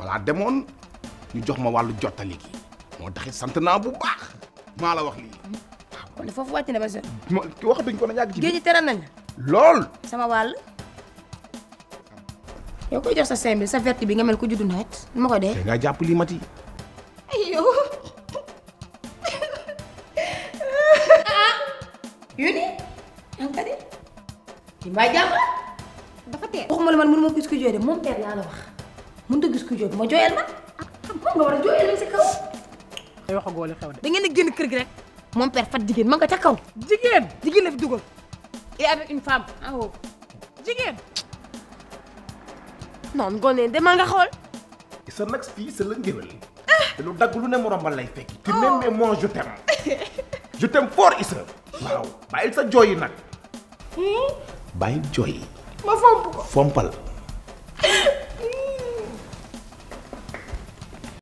falaa demone ñu jox ma walu jotali gi mo taxé sant na bu baax ma la wax li ah, kon de foofu na ba sën. wax duñ ko na ñag gi sama walu. yow koy jox sa simbi sa verti bi nga mel ko juddu net ma ko dé nga japp li mati. Ayo. yuni yang tadi, di li dapat ya. la. dafa teel. waxuma la man mënuma gis ko mënut gis ku ma ma ah, nga kaw. de. da ngeen di rek père fat ma nga ca kaw. la fi dugal. et avec une femme ah, oh. ne sais non que demal nga xool. sa nag fii sa la que te lu dagg lu ne sais pas même moi je t'aime. je t'aime fort Issa. waaw bàyyil sa jooy hmm? ma ko fompal.